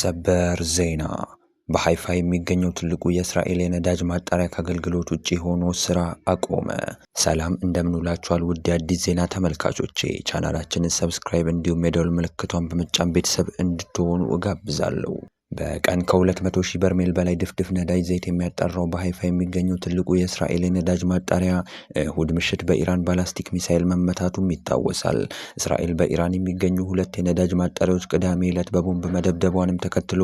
ሰበር ዜና በሐይፋ የሚገኘው ትልቁ የእስራኤል የነዳጅ ማጣሪያ ከአገልግሎት ውጭ ሆኖ ስራ አቆመ። ሰላም እንደምንውላችኋል ውድ የአዲስ ዜና ተመልካቾቼ፣ ቻናላችንን ሰብስክራይብ እንዲሁም የደወል ምልክቷን በመጫን ቤተሰብ እንድትሆኑ እጋብዛለሁ። በቀን ከ200 ሺህ በርሜል በላይ ድፍድፍ ነዳጅ ዘይት የሚያጣራው በሀይፋ የሚገኘው ትልቁ የእስራኤል የነዳጅ ማጣሪያ እሁድ ምሽት በኢራን ባላስቲክ ሚሳይል መመታቱም ይታወሳል። እስራኤል በኢራን የሚገኙ ሁለት የነዳጅ ማጣሪያዎች ቅዳሜ ዕለት በቦምብ መደብደቧንም ተከትሎ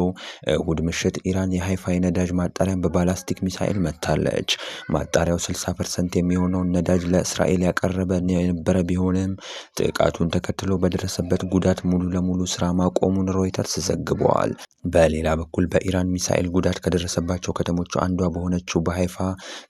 እሁድ ምሽት ኢራን የሀይፋ የነዳጅ ማጣሪያን በባላስቲክ ሚሳይል መታለች። ማጣሪያው 60 ፐርሰንት የሚሆነውን ነዳጅ ለእስራኤል ያቀረበ የነበረ ቢሆንም ጥቃቱን ተከትሎ በደረሰበት ጉዳት ሙሉ ለሙሉ ስራ ማቆሙን ሮይተርስ ዘግበዋል። በሌላ በኩል በኢራን ሚሳኤል ጉዳት ከደረሰባቸው ከተሞች አንዷ በሆነችው በሃይፋ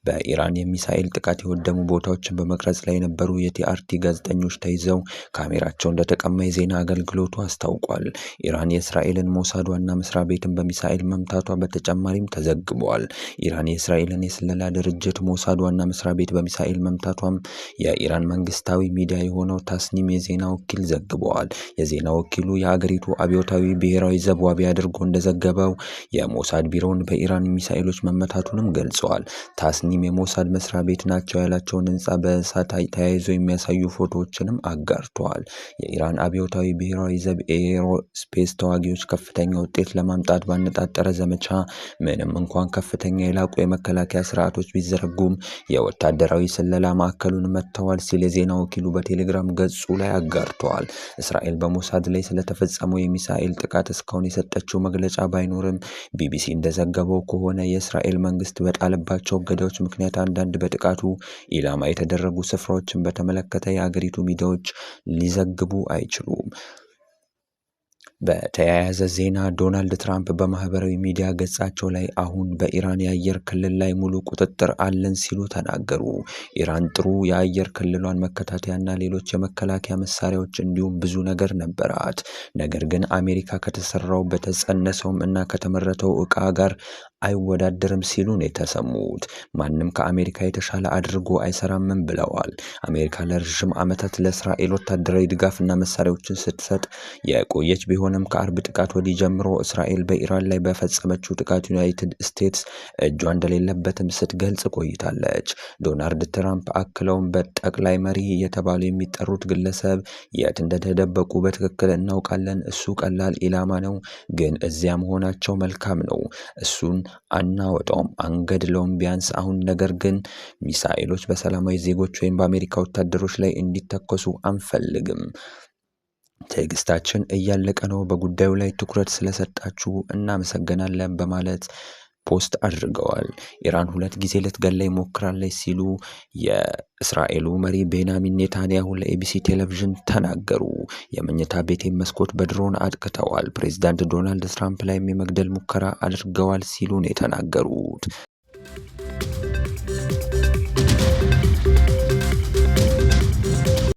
በኢራን የሚሳኤል ጥቃት የወደሙ ቦታዎችን በመቅረጽ ላይ የነበሩ የቲአርቲ ጋዜጠኞች ተይዘው ካሜራቸው እንደተቀማ የዜና አገልግሎቱ አስታውቋል። ኢራን የእስራኤልን ሞሳድ ዋና መስሪያ ቤትን በሚሳኤል መምታቷ በተጨማሪም ተዘግቧል። ኢራን የእስራኤልን የስለላ ድርጅት ሞሳድ ዋና መስሪያ ቤት በሚሳኤል መምታቷም የኢራን መንግስታዊ ሚዲያ የሆነው ታስኒም የዜና ወኪል ዘግበዋል። የዜና ወኪሉ የአገሪቱ አብዮታዊ ብሔራዊ ዘብ ዋቢ አድርጎ እንደዘግ እንደዘገበው የሞሳድ ቢሮውን በኢራን ሚሳኤሎች መመታቱንም ገልጸዋል። ታስኒም የሞሳድ መስሪያ ቤት ናቸው ያላቸውን ህንፃ በእሳት ተያይዞ የሚያሳዩ ፎቶዎችንም አጋርተዋል። የኢራን አብዮታዊ ብሔራዊ ዘብ ኤሮስፔስ ተዋጊዎች ከፍተኛ ውጤት ለማምጣት ባነጣጠረ ዘመቻ ምንም እንኳን ከፍተኛ የላቁ የመከላከያ ስርዓቶች ቢዘረጉም የወታደራዊ ስለላ ማዕከሉን መጥተዋል ሲል የዜና ወኪሉ በቴሌግራም ገጹ ላይ አጋርተዋል። እስራኤል በሞሳድ ላይ ስለተፈጸመው የሚሳኤል ጥቃት እስካሁን የሰጠችው መግለጫ ባይኖርም ቢቢሲ እንደዘገበው ከሆነ የእስራኤል መንግስት በጣለባቸው እገዳዎች ምክንያት አንዳንድ በጥቃቱ ኢላማ የተደረጉ ስፍራዎችን በተመለከተ የአገሪቱ ሚዲያዎች ሊዘግቡ አይችሉም። በተያያዘ ዜና ዶናልድ ትራምፕ በማህበራዊ ሚዲያ ገጻቸው ላይ አሁን በኢራን የአየር ክልል ላይ ሙሉ ቁጥጥር አለን ሲሉ ተናገሩ። ኢራን ጥሩ የአየር ክልሏን መከታተያና ሌሎች የመከላከያ መሳሪያዎች እንዲሁም ብዙ ነገር ነበራት። ነገር ግን አሜሪካ ከተሰራው በተጸነሰውም እና ከተመረተው ዕቃ ጋር አይወዳደርም ሲሉ ነው የተሰሙት። ማንም ከአሜሪካ የተሻለ አድርጎ አይሰራምም ብለዋል። አሜሪካ ለረዥም ዓመታት ለእስራኤል ወታደራዊ ድጋፍና መሳሪያዎችን ስትሰጥ የቆየች ቢሆንም ከአርብ ጥቃት ወዲህ ጀምሮ እስራኤል በኢራን ላይ በፈጸመችው ጥቃት ዩናይትድ ስቴትስ እጇ እንደሌለበትም ስትገልጽ ቆይታለች። ዶናልድ ትራምፕ አክለውም በጠቅላይ መሪ እየተባሉ የሚጠሩት ግለሰብ የት እንደተደበቁ በትክክል እናውቃለን። እሱ ቀላል ኢላማ ነው፣ ግን እዚያ መሆናቸው መልካም ነው። እሱን አናወጣውም አንገድለውም ቢያንስ አሁን። ነገር ግን ሚሳኤሎች በሰላማዊ ዜጎች ወይም በአሜሪካ ወታደሮች ላይ እንዲተኮሱ አንፈልግም። ትዕግስታችን እያለቀ ነው። በጉዳዩ ላይ ትኩረት ስለሰጣችሁ እናመሰግናለን በማለት ፖስት አድርገዋል። ኢራን ሁለት ጊዜ ልትገላ ይሞክራለች ሲሉ የእስራኤሉ መሪ ቤንያሚን ኔታንያሁ ለኤቢሲ ቴሌቪዥን ተናገሩ። የመኝታ ቤቴን መስኮት በድሮን አጥቅተዋል፣ ፕሬዚዳንት ዶናልድ ትራምፕ ላይም የመግደል ሙከራ አድርገዋል ሲሉ ነው የተናገሩት።